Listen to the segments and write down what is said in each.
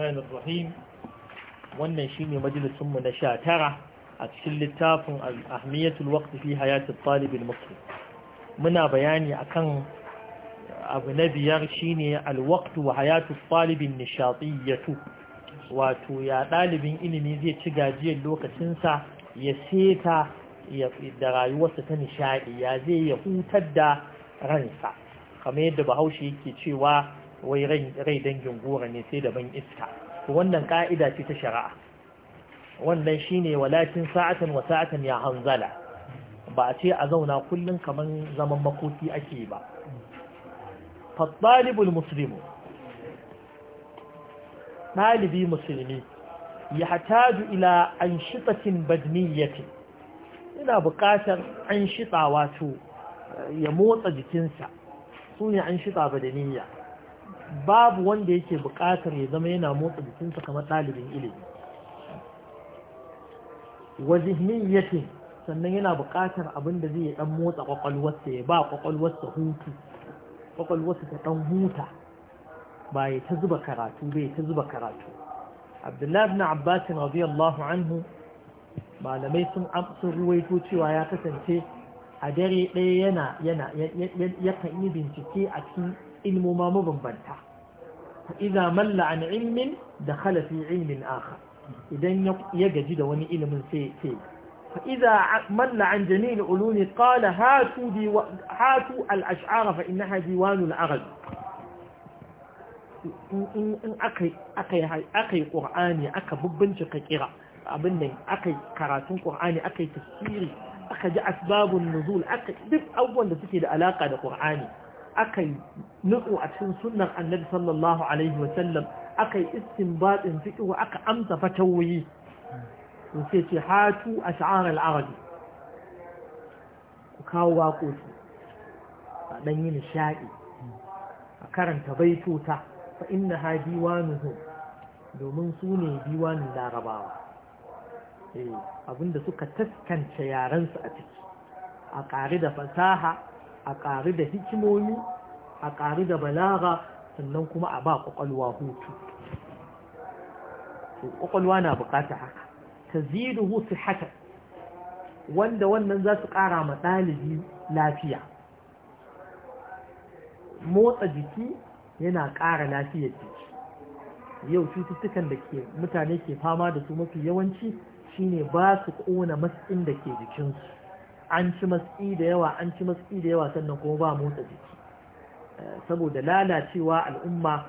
الرحمن wannan shine majalisun mu na tara a cikin littafin ahmiyatul waqt fi hayatil talib al muslim muna bayani akan abu na biyar shine al waqt wa hayatul talib al wato ya dalibin ilimi zai ci gajiyar lokacin ya seta da rayuwarsa ta nishadi ya zai ya hutar da ransa kamar yadda bahaushe yake cewa wai rai dangin gora ne sai daban iska wannan ka'ida ce ta shari'a wannan shine walakin sa'atan wa sa'atan ya hanzala ba a ce a zauna kullum kamar zaman makoki ake ba fatalibul muslimu ɗalibi musulmi ya hataju ila an shitatin badniyyati Ina buƙatar an shita wato ya motsa jikinsa su ne an shita badaniyya babu wanda yake buƙatar ya zama yana motsa jikinsa kamar ɗalibin ilimi yake, sannan yana buƙatar abinda da zai ɗan motsa ƙwaƙwalwarsa ya ba ƙwaƙwalwarsa hutu ƙwaƙwalwarsa ta ɗan huta ba ya ta zuba karatu ba ya ta zuba karatu abdullahi na abbas radiyallahu anhu malamai sun sun ruwaito cewa ya kasance a dare ɗaya yana yana yakan yi bincike a cikin علم ما مبنبنتا فإذا مل عن علم دخل في علم آخر إذا يجد وني علم في في فإذا مل عن جميل علوني قال هاتوا, ديو... هاتوا الأشعار فإنها ديوان الأغل إن أقي أقي هاي أقي قرآني أقي ببنش قكرة أبنين أقي كراتون قرآني أقي تفسيري أقي أسباب النزول أقي دف أول تكيد علاقة لقرآني aka nutsu a cikin sunnan annabi sallallahu alaihi wasallam aka yi istinbatin fiqh aka amsa fatawoyi in ce ce hatu ash'ar al-arabi ku kawo waƙoƙi a dan yi nishaɗi. a karanta baitota fa inna ha diwanuhu domin su ne diwanin larabawa eh, abinda suka taskance yarensu a ciki a ƙari da fasaha a ƙari da hikimomi a ƙari da balaga sannan kuma a ba ƙwaƙwalwa hutu ƙwaƙwalwa na buƙata haka ta zidu hutu haka wanda wannan za su ƙara ma ɗalibi lafiya motsa jiki yana ƙara lafiyar jiki yau cututtukan da ke mutane ke fama da su mafi yawanci shine ba su ƙona matsin da ke jikinsu an ci matsi da yawa an ci matsi da yawa sannan kuma ba motsa jiki saboda lalacewa al'umma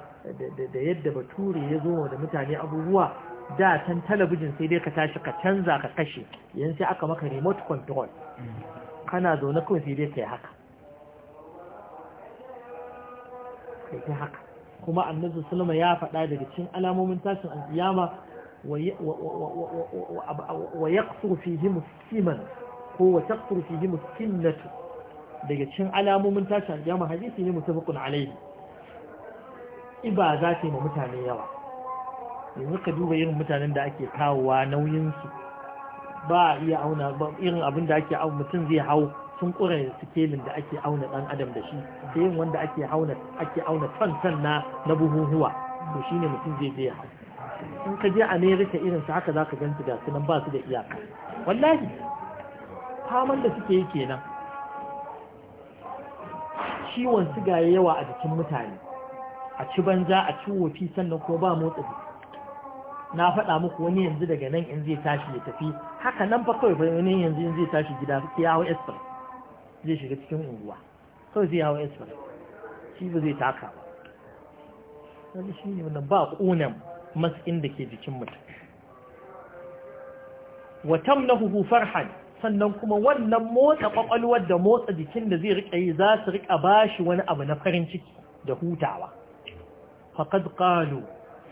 da yadda bature ya zo da mutane abubuwa da can talabijin sai dai ka tashi ka canza ka kashe yanzu sai aka maka remote control kana zaune kawai sai dai ka yi haka kai ta haka kuma annabi sallama ya faɗa daga cikin alamomin tashin alƙiyama wa yaqsuru fihi musliman ko wa taqsuru fihi muslimatu daga cikin alamomin tashi aljama hadisi ne mutafakun alaihi iba za ta yi ma mutane yawa yanzu ka duba irin mutanen da ake kawowa nauyinsu ba iya auna irin abin da ake auna mutum zai hau sun ƙure sikelin da ake auna ɗan adam da shi da yin wanda ake auna ake auna tantan na na buhuhuwa to shine mutum zai je hau in ka je america irin su haka zaka ganta ga su nan ba su da iyaka wallahi faman da suke yi kenan ciwon siga ya yawa a jikin mutane a ci banza a ci wofi sannan ko ba motsa jiki na faɗa muku wani yanzu daga nan in zai tashi ya tafi haka nan fa kawai wani yanzu in zai tashi gida ya hau express zai shiga cikin unguwa kawai zai hau express shi ba zai taka ba wani shi ne wannan ba ƙunan maskin da ke jikin mutum wa tamnahu farhan sannan kuma wannan motsa kwakwalwar da motsa jikin da zai riƙa yi za su riƙa ba shi wani abu na farin ciki da hutawa Fakad ƙalu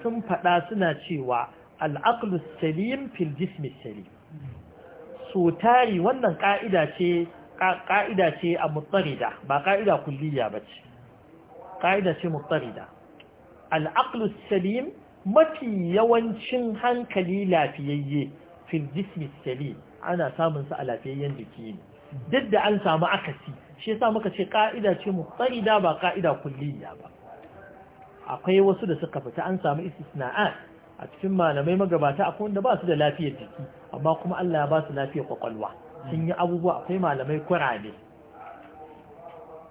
sun faɗa suna cewa al'aqlu salim fil jismi salim so tari wannan ƙa'ida ce ƙa'ida ce a mutsarida ba ƙa'ida kulliya ba ce ƙa'ida ce mutsarida al'aqlu salim mafi yawancin hankali lafiyayye fil jismi salim ana samun sa a lafiyayyen jiki ne duk da an samu akasi shi yasa muka ce ka'ida ce ka'ida ba ka'ida kulliya ba akwai wasu da suka fita an samu istisna'a a cikin malamai magabata akwai wanda ba su da lafiyar jiki amma kuma Allah ya ba su lafiyar kwakwalwa sun yi abubuwa akwai malamai kurame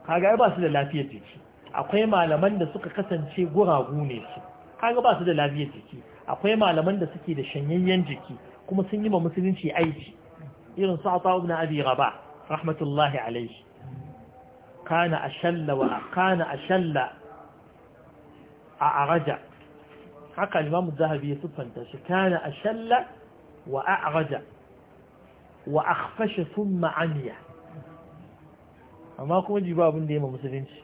kaga ba su da lafiyar jiki akwai malaman da suka kasance guragu ne su kaga ba su da lafiyar jiki akwai malaman da suke da shanyayyen jiki kuma sun yi ma musulunci aiki irin su Atha ibn Abi Rabah rahmatullahi alayhi kana a wa kana ashalla a araja haka Imam Zahabi ya siffanta shi kana ashalla wa a a'raja wa a akhfasha sun amiya amma kuma ji ba abin da yayin musulunci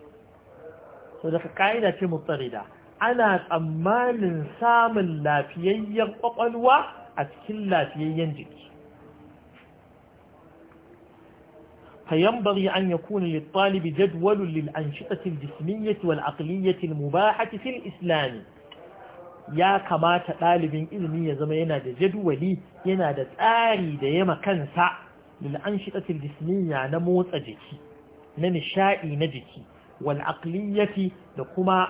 so da kaida ce mutsarida ana tsammanin samun lafiyayyen kwakwalwa a cikin lafiyayyen jiki فينبغي أن يكون للطالب جدول للأنشطة الجسمية والعقلية المباحة في الإسلام يا كما تطالب إذني زمينا جدولي ينادى تآري ديما كنسع للأنشطة الجسمية نموت أجيكي ننشائي نجيكي والعقلية لكما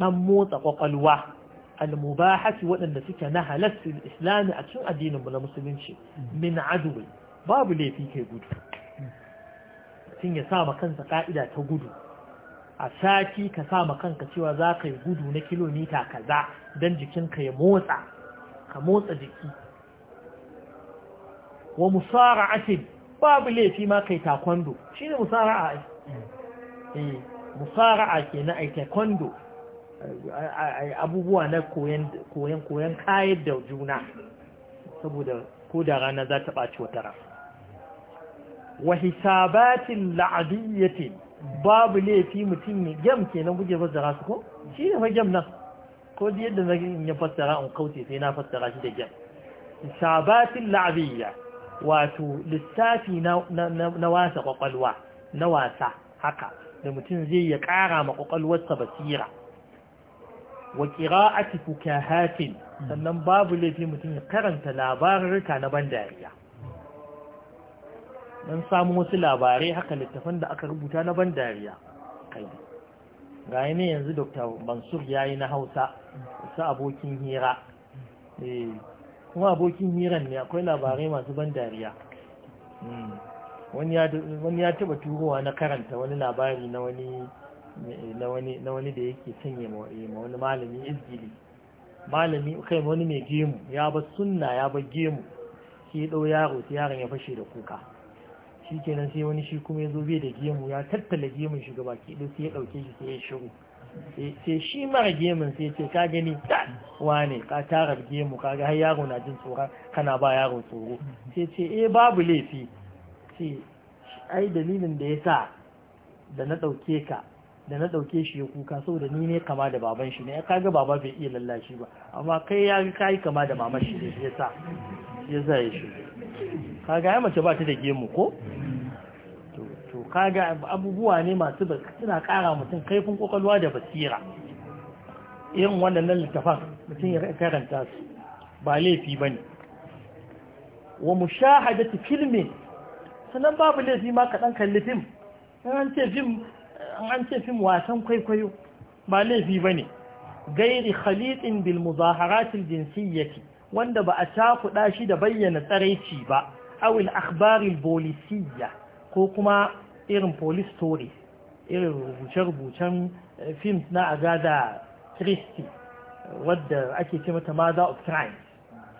نموت وقلوة المباحة وأن سكنها لس في الإسلام أتشن أدين من المسلمين من عدو باب ليه فيك يقول mutum ya sa ma kansa ka'ida ta gudu a sati ka sa ma kanka cewa za ka yi gudu na kilomita kaza don jikinka ya motsa ka motsa jiki wa musara asin babu laifi ma kai taekwondo shi ne musara a eh, musara a ke na taekwondo abubuwa na koyan koyan kayan da juna saboda ko da rana za ta ɓaci wata rana وحسابات لعبية باب لي في متين جم كينا بجي فسر سكو شيء هو جمنا كود يد نجي فسر أن قوتي فينا فسر شيء جم حسابات لعبية واتو للسافي نواسا قلوا نواسا haka da mutum zai ya ƙara ma ƙwaƙwalwarsa basira wa ƙira'ati fukahatin sannan babu laifin mutum ya karanta labarurka na ban don samu wasu labarai haka littafin da aka rubuta na ban dariya kai ga ne yanzu dr mansur ya yi na hausa su abokin hira eh, kuma abokin hiran ne akwai labarai masu ban dariya hmm. wani ya taba turowa na karanta wani labari na wani da yake sanya ma wani malami izgili malami kai wani mai gemu ya ba sunna ya ba gemu ke ɗau yaro ta yaron ya fashe da kuka shi kenan sai wani shi kuma ya zo bai da gemu ya tattala gemun shi gaba ke sai ya ɗauke shi sai ya shiru eh, sai shi mara gemun sai ce ka gani wane ka tara gemu ka ga har yaro na jin tsoron kana ba yaro tsoro sai ce eh babu laifi sai ai dalilin da ya sa da na ɗauke ka da na ɗauke shi ya kuka saboda ni ne kama da baban shi ne ka kaga baba bai iya lallashi ba amma kai ya ga kai kama da maman shi ne ya sa ya sa ya shi kaga ya mace ba ta da gemu ko kaga abubuwa ne masu suna kara mutum kaifin kwakwalwa da basira irin waɗannan littafan mutum ya karanta su ba laifi ba ne wa mu shahadati filmin sannan babu laifi ma kaɗan kalli fim an ce fim wasan kwaikwayo ba laifi ba ne gairi khalitin bil muzaharatil jinsiyyati wanda ba a cakuɗa shi da bayyana tsaraici ba awil akhbaril bolisiyya ko kuma irin police story irin rubuce-rubucen eh, films na agada christy wadda ake ce mata mother of crime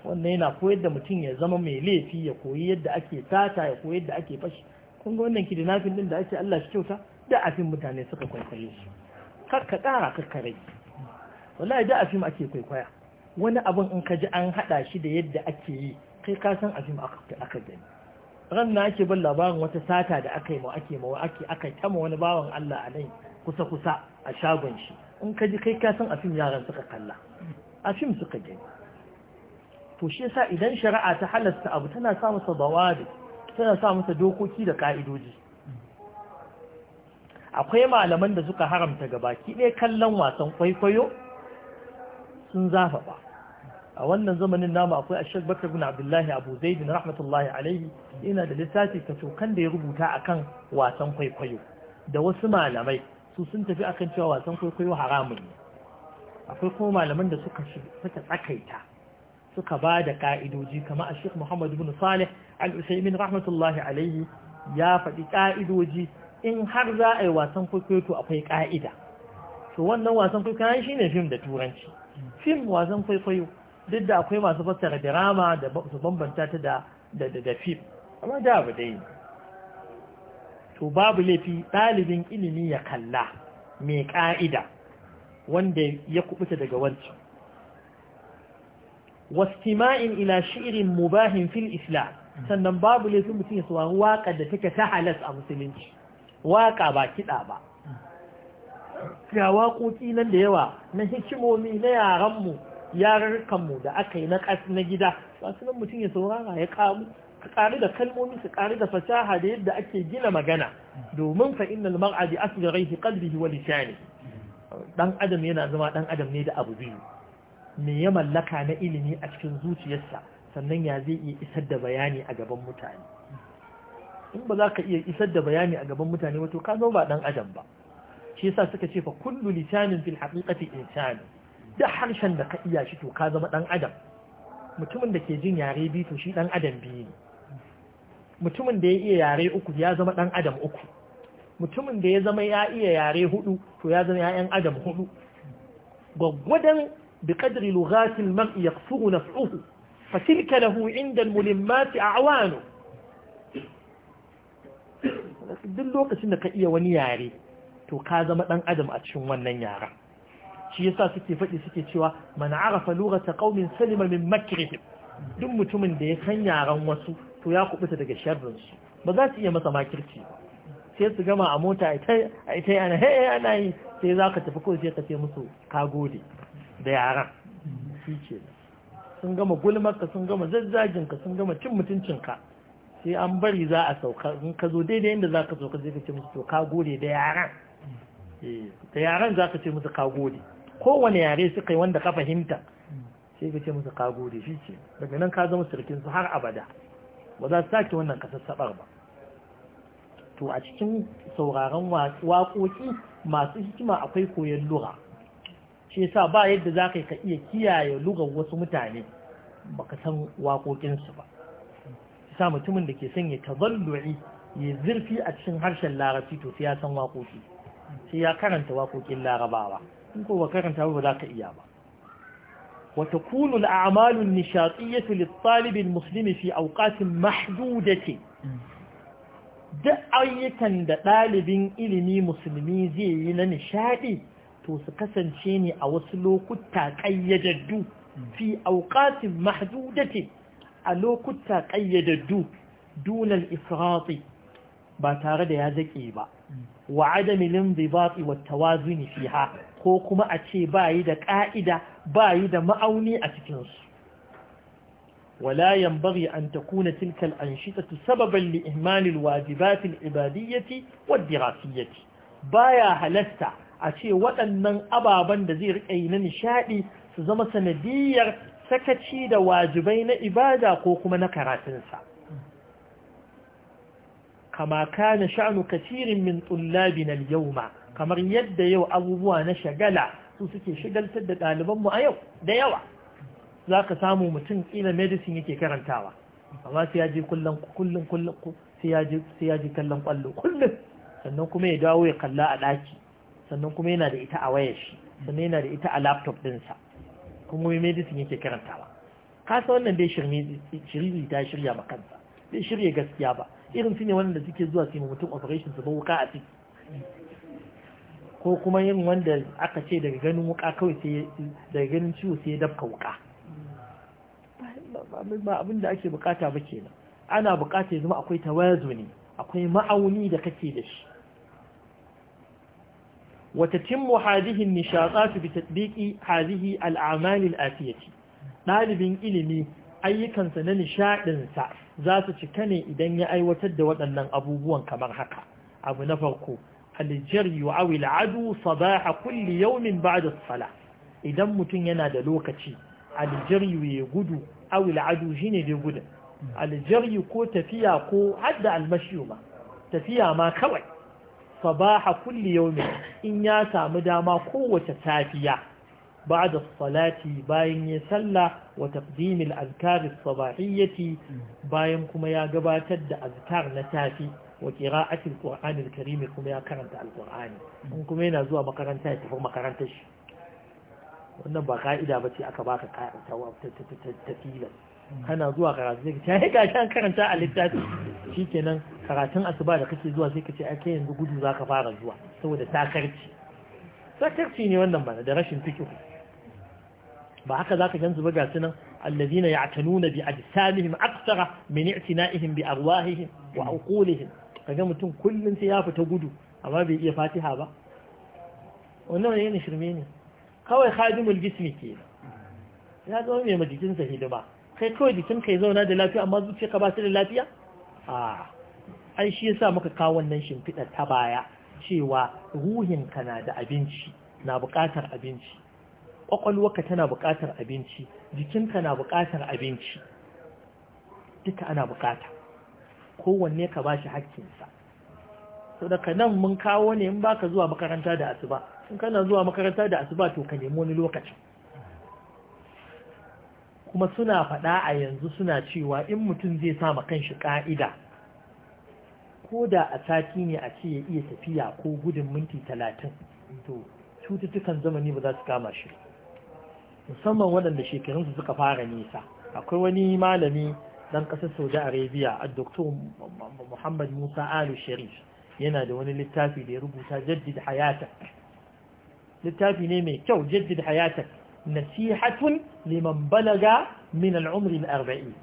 wannan yana koyar da mutum ya zama mai laifi ya koyi yadda ake tata ya koyi yadda ake fashi kun ga wannan kidnapping din da ake Allah shi kyauta da a fim mutane suka kwaikwaye su kar ka kara kakka ka rage wallahi da a fim ake kwaikwaya wani abin in ka ji an hada shi da yadda ake yi kai ka san a afin aka gani ran na ake bin labarin wata sata da aka yi ma ake ma ake aka tama wani bawan Allah a nan kusa kusa a shagon shi in ka ji kai ka san afim yaran suka kalla afim suka gani to shi yasa idan shari'a ta halasta abu tana sa masa bawadi tana sa masa dokoki da ka'idoji akwai malaman da suka haramta gabaki ɗaya kallon wasan kwaikwayo sun zafa a wannan zamanin namu akwai ashek bakar bin abdullahi abu na rahmatullahi alaihi yana da lissafi kacokan da ya rubuta akan wasan kwaikwayo da wasu malamai su sun tafi akan cewa wasan kwaikwayo haramun ne akwai kuma malaman da suka suka tsakaita suka ba da ka'idoji kamar a shek muhammad bin salih al-usaimin rahmatullahi alaihi ya faɗi ka'idoji in har za a yi wasan kwaikwayo to akwai ka'ida to wannan wasan kwaikwayo shine fim da turanci fim wasan kwaikwayo duk da akwai masu fassara drama da su bambanta ta da da fim amma da abu dai to babu laifi ɗalibin ilimi ya kalla mai ƙa'ida wanda ya kubuta daga wancan wastima'in ila shi'irin mubahin fil isla sannan babu laifin mutum ya saurari waƙa da take ta halas a musulunci waƙa ba kiɗa ba ga waƙoƙi nan da yawa na hikimomi na yaranmu yarurkanmu da aka yi na gida ba su nan mutum ya saurara ya kamu ka kari da kalmomi su ƙari da fasaha da yadda ake gina magana domin fa innal mar'a bi asgharihi qalbihi wa lisani dan adam yana zama dan adam ne da abu biyu me ya mallaka na ilimi a cikin zuciyarsa sannan ya zai iya isar da bayani a gaban mutane in ba za ka iya isar da bayani a gaban mutane wato ka zama ba dan adam ba shi yasa suka ce fa kullu lisanin fil haqiqati insanun da harshen da ka iya shi to ka zama ɗan adam mutumin da ke jin yare biyu to shi ɗan adam biyu ne mutumin da ya iya yare uku ya zama ɗan adam uku mutumin da ya zama ya iya yare hudu to ya zama ya'yan adam hudu gwaggwadon bi kadri lugatil mar'i yaqsuhu naf'uhu fa tilka lahu inda al-mulimmat a'wanu duk lokacin da ka iya wani yare to ka zama ɗan adam a cikin wannan yaren shi yasa suke faɗi suke cewa man arafa lughata qaumin salima min makrihim duk mutumin da ya san yaran wasu to ya kubuta daga sharrin su ba za su iya masa makirci sai su gama a mota a ita ana hey ana yi sai za ka tafi kawai sai ka ce musu ka gode da yaran shi ce sun gama gulmarka sun gama zazzajinka sun gama cin mutuncinka sai an bari za a sauka in ka zo daidai inda za ka sauka zai ka ce musu to ka gode da yaran eh, da yaran za ka ce musu ka gode kowane yare suka yi wanda ka fahimta sai ka ce musu ka gode shi ce daga nan ka zama sirkin su har abada ba za su sake wannan kasassabar ba to a cikin sauraron waƙoƙi masu hikima akwai koyon lura shi sa ba yadda za ka iya kiyaye lugar wasu mutane ba ka san waƙoƙinsu ba sa mutumin da ke son ya tazallu'i ya zurfi a cikin harshen larabci to sai ya san waƙoƙi sai ya karanta waƙoƙin larabawa in ko ba karanta ba za ka iya ba وتكون الأعمال النشاطية للطالب المسلم في أوقات محدودة da ayyukan da ɗalibin ilimi musulmi zai yi na nishaɗi to su kasance ne a wasu lokuta ƙayyadaddu fi auƙatin mahdudati a lokuta ƙayyadaddu dunal ifrati ba tare da ya zaƙe ba wa adamilin zibati wa tawazuni fiha ko kuma a ce ba yi da ƙa'ida ba yi da ma'auni a cikinsu wala bari an kuna tilkal anshitatu sababan li ihmalil wajibatil ibadiyyati wad dirasiyyati baya halasta a ce waɗannan ababen da zai riƙe na nishaɗi su zama sanadiyar sakaci da wajibai na ibada ko kuma na karatunsa kama kana sha'nu kacirin min tsullabi al-yawma kamar yadda yau abubuwa na shagala su suke shigaltar da ɗalibanmu a yau da yawa za ka samu mutum ƙila medicine yake karantawa amma sai ya je kullum kullum kullum sai ya je kallon kwallo kullum sannan kuma ya dawo ya kalla a ɗaki sannan kuma yana da ita a wayar shi sannan yana da ita a laptop ɗinsa kuma mai medicine yake karantawa kasa wannan bai shirme ta shirya ma kansa bai shirya gaskiya ba irin su ne wanda suke zuwa su yi mutum operation su ba wuka a ciki ko kuma yin wanda aka ce daga ganin wuka kawai sai daga ganin ciwo sai dafka wuka ba abin da ake bukata ba ke nan. ana bukata ya zama akwai ne. akwai ma'auni da kake da shi وتتم هذه النشاطات بتطبيق هذه الأعمال الآتية ɗalibin ilimi ayyukansa na nishaɗinsa za su cika ne idan ya aiwatar da waɗannan abubuwan kamar haka abu na farko الجري أو العدو صباح كل يوم بعد الصلاة إذا متن ينادى لوكتي الجري يقدو أو العدو جيني يقدو الجري كو تفيا كو عدى المشي ما تفيا ما كوي صباح كل يوم إن ياسا مداما قوة سافية بعد الصلاة باين يسلى وتقديم الأذكار الصباحية باين كما يقبات الأذكار نتافي wa qira'atil qur'anil karim kuma ya karanta alqur'ani in kuma yana zuwa makaranta ya tafi makarantar shi wannan ba ka'ida ba ce aka baka tafila kana zuwa karatu zai ta hika shan karanta a littafi shikenan karatun asuba da kake zuwa sai ka ce ake yanzu gudu za ka fara zuwa saboda takarci sakarci ne wannan bana da rashin fikihu ba haka za ka gansu ba gasu ya allazina ya'tanuna bi ajsamihim aktsara min i'tina'ihim bi arwahihim wa uqulihim kaga mutum kullum sai ya fita gudu amma bai iya fatiha ba wannan wani yana shirme ne kawai khadimul jismi ke ya zama mai sa hidima kai kawai jikin kai zauna da lafiya amma zuciya ka ba su da lafiya a ai shi yasa muka kawo wannan shimfiɗa ta baya cewa ruhin ka na da abinci na buƙatar abinci ƙwaƙwalwaka tana buƙatar abinci jikinka na buƙatar abinci duka ana buƙata kowanne ka bashi haƙƙinsa to daga nan mun kawo ne in ba ka zuwa makaranta da asuba in kana zuwa makaranta da asuba to ka nemo wani lokaci kuma suna faɗa a yanzu suna cewa in mutum zai sama kanshi ƙa'ida ko da a sati ne a ce ya iya tafiya ko gudun minti talatin to cututtukan zamani ba za su kama shi musamman waɗanda shekarunsu suka fara nisa akwai wani malami dan ƙasar saudi arabia a Dr. muhammad musa Ali sharif yana da wani littafi da ya rubuta jaddid hayata littafi ne mai kyau jaddid hayata nasihatun liman balaga min al'umri arbain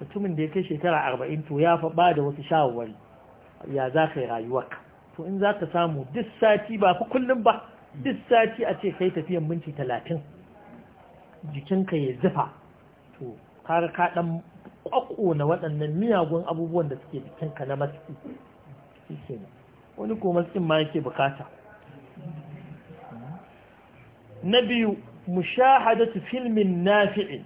mutumin da ya kai shekara arba'in to ya faɓa da wasu shawarwari ya za ka yi rayuwarka to in za ka samu duk sati ba fi kullum ba duk sati a ce kai tafiyan minti talatin jikinka ya zufa kaga ka dan na waɗannan miyagun abubuwan da suke cikin ka na maski wani ko maskin ma yake bukata na biyu mushahadatu filmin nafi'in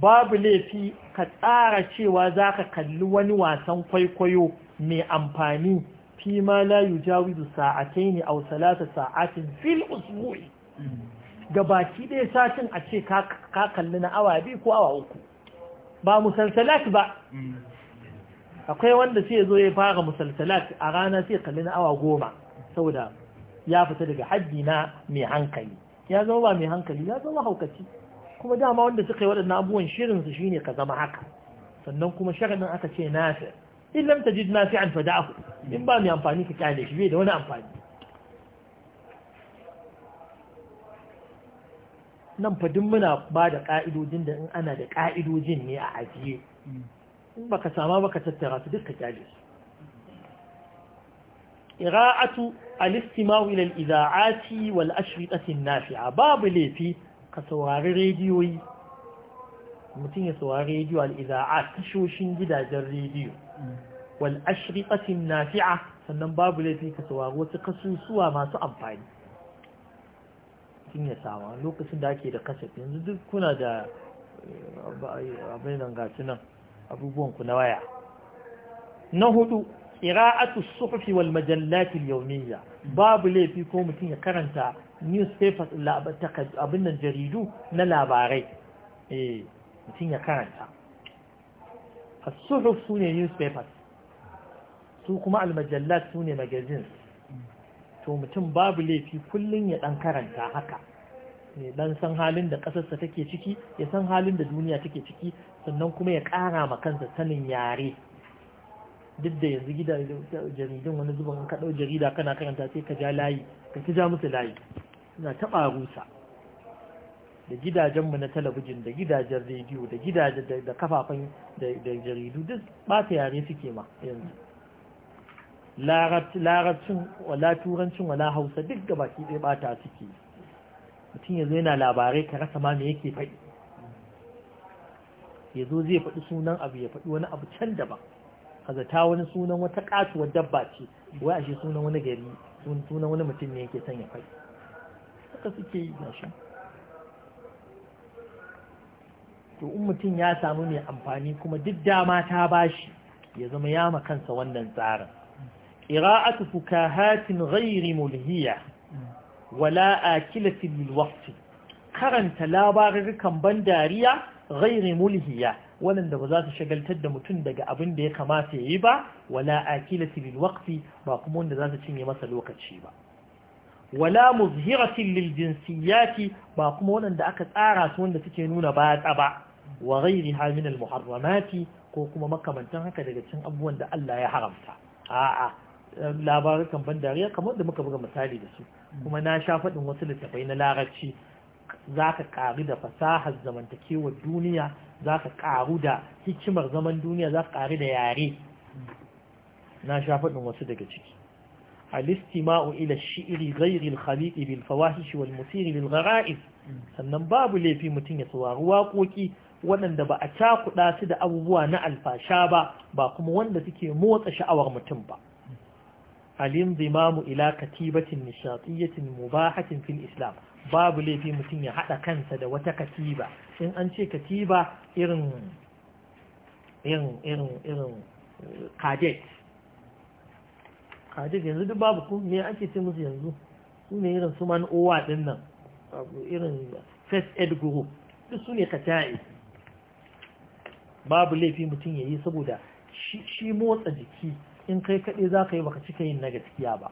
babu laifi ka tsara cewa za ka kalli wani wasan kwaikwayo mai amfani fi ma la yujawizu sa'atai ne au salata sa'atin fil usbu'i ga baki ɗaya satin a ce ka kalli na awa biyu ko awa uku ba musalsalat ba akwai wanda sai zo ya fara musalsalat a rana sai kalli na awa goma saboda ya fita daga haddi na mai hankali ya zama ba mai hankali ya zama haukaci kuma dama wanda suka yi waɗannan abubuwan su shine ka zama haka sannan kuma sharaɗin aka ce nafi in lam tajid nafi'an fada'ahu in ba mai amfani ka kyale shi bai da wani amfani nan fa duk muna ba da ƙa'idojin da in ana da ƙa'idojin ne a ajiye in baka sama baka tattara su duka kyale su ira'atu al-istima'u ila al-ida'ati wal ashriqati an-nafi'a babu laifi ka saurari rediyoyi mutum ya saurari rediyo al-ida'at tashoshin gidajen rediyo wal ashriqati an-nafi'a sannan babu laifi ka saurari wasu kasusuwa masu amfani mutum ya samu lokacin da ake da kasafi yanzu duk kuna da eh, abin nan gasu nan abubuwanku na waya na hudu ƙira'atu suhufi wal majallatil yaumiyya babu laifi ko mutum ya karanta newspapers abin nan jaridu na labarai eh mutum ya karanta as-suhuf sune newspapers su kuma al-majallat sune magazines to mutum babu laifi kullum ya dan karanta haka ne dan san halin da ƙasarsa take ciki ya san halin da duniya take ciki sannan kuma ya ƙara ma kansa sanin yare duk da yanzu gida jaridun wani zuban ka ɗau jarida kana karanta sai ka ja layi ka ki ja musu layi ina taɓa rusa da gidajenmu na talabijin da gidajen rediyo da gidajen da kafafen da jaridu duk ba yare suke ma yanzu larabcin wala turancin wala hausa duk gaba ki ɗaya bata suke mutum ya zo yana labarai ka rasa ma me yake faɗi ya zo zai faɗi sunan abu ya faɗi wani abu can daban Ka zata wani sunan wata ƙatuwar dabba ce wai a shi sunan wani gari sunan wani mutum ne yake son ya faɗi haka suke yi na shi to in mutum ya samu mai amfani kuma duk dama ta bashi ya zama ya ma kansa wannan tsarin قراءة فكاهات غير ملهية ولا آكلة للوقت karanta labarukan ban dariya rairi mulhiya waɗanda ba za su shagaltar da mutum daga abin da ya kamata ya yi ba wala akilati lil waqti ba kuma wanda za su cinye masa lokaci ba wala muzhiratin lil jinsiyati ba kuma waɗanda aka tsara su wanda suke nuna batsa ba wa gairi min al muharramati ko kuma makamantan haka daga cikin abubuwan da Allah ya haramta a'a labarin ban dariya kamar da muka buga misali da su kuma na sha faɗin wasu littafai na larabci za ka ƙaru da fasahar zamantakewar duniya za ka ƙaru da hikimar zaman duniya za ka ƙaru da yare na sha faɗin wasu daga ciki الاستماع إلى الشئر غير الخليق Musiri, والمثير للغرائز sannan babu laifi mutum ya saurari waƙoƙi waɗanda ba a cakuɗa su da abubuwa na alfasha ba ba kuma wanda suke motsa sha'awar mutum ba الانضمام إلى كتيبة نشاطية مباحة في الإسلام babu laifi mutum ya haɗa kansa da wata katiba in an ce katiba irin kadet kadet yanzu duk babu ku me ake ce musu yanzu su irin su man owa din nan irin first aid group duk su ne babu laifi mutum ya yi saboda shi motsa jiki in kai kaɗai za ka yi ka cika yin na gaskiya ba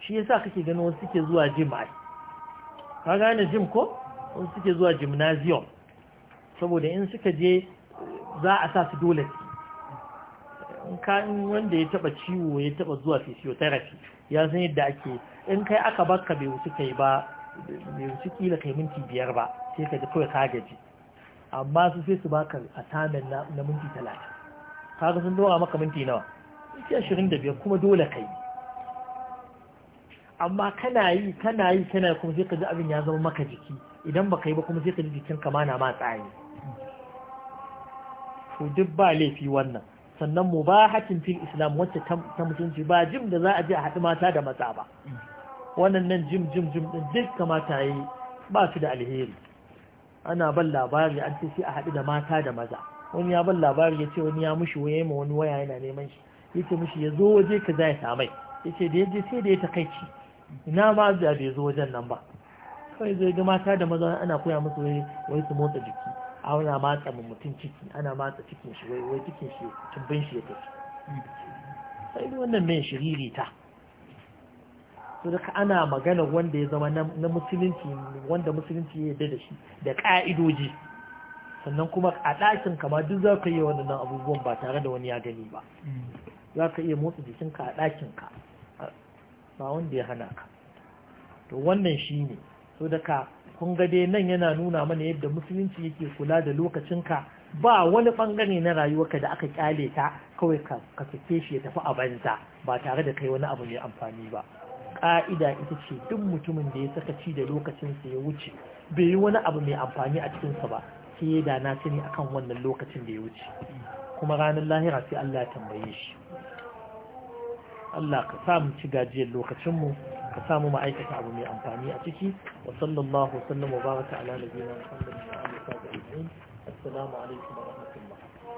shi yasa kake ganin wasu suke zuwa jim ai ka gane jim ko wasu suke zuwa gymnasium saboda in suka je za a sa su dole in ka wanda ya taba ciwo ya taba zuwa physiotherapy ya san yadda ake in kai aka baka bai wuce kai ba bai wuce kila kai minti biyar ba sai ka ji kawai ka gaji amma su sai su baka a tamin na minti talatin kaga sun dora maka minti nawa minti ashirin da biyar kuma dole kai amma kana yi kana yi kana kuma sai ka ji abin ya zama maka jiki idan baka yi ba kuma sai ka ji jikin ka mana ma tsari to duk ba laifi wannan sannan mu ba mubahatin fil islam wacce ta mutunci ba jim da za a je a haɗu mata da matsa ba wannan nan jim jim jim din duk kamata yi ba su da alheri ana ban labari an ce sai a haɗu da mata da maza wani ya ban labari ya ce wani ya mushi waya ma wani waya yana neman shi ya ce mushi ya zo waje ka za ya samai ya ce da ya je sai da ya takaici ina ma da bai zo wajen nan ba kawai zai ga mata da maza ana koya musu wai su motsa jiki ana matsa mutum ciki ana matsa cikin shi wai wai cikin shi tumbin shi ya tafi sai wannan mai shiriri ta su ana magana wanda ya zama na musulunci wanda musulunci ya yarda da shi da ka'idoji sannan kuma a ɗakin kama duk za ka yi waɗannan abubuwan ba tare da wani ya gani ba mm. za ka iya motsa jikinka a ɗakinka ba wanda ya hana ka to wannan shi ne so da kun ga nan yana nuna mana yadda musulunci yake kula da lokacinka ba wani ɓangare na rayuwarka da aka kyale ta kawai ka sake shi ya tafi a banza ba tare da kai wani abu mai amfani ba ƙa'ida ita ce duk mutumin da ya saka ci da lokacinsa ya wuce bai yi wani abu mai amfani a cikinsa ba sai da na sani akan wannan lokacin da ya wuce kuma ranar lahira sai Allah ya tambaye shi Allah ka samu ci gajiyar lokacinmu ka samu ma'aikata abu mai amfani a ciki wa sallallahu sallam wa baraka ala nabiyina Muhammad wa alihi wa sahbihi assalamu alaikum wa rahmatullah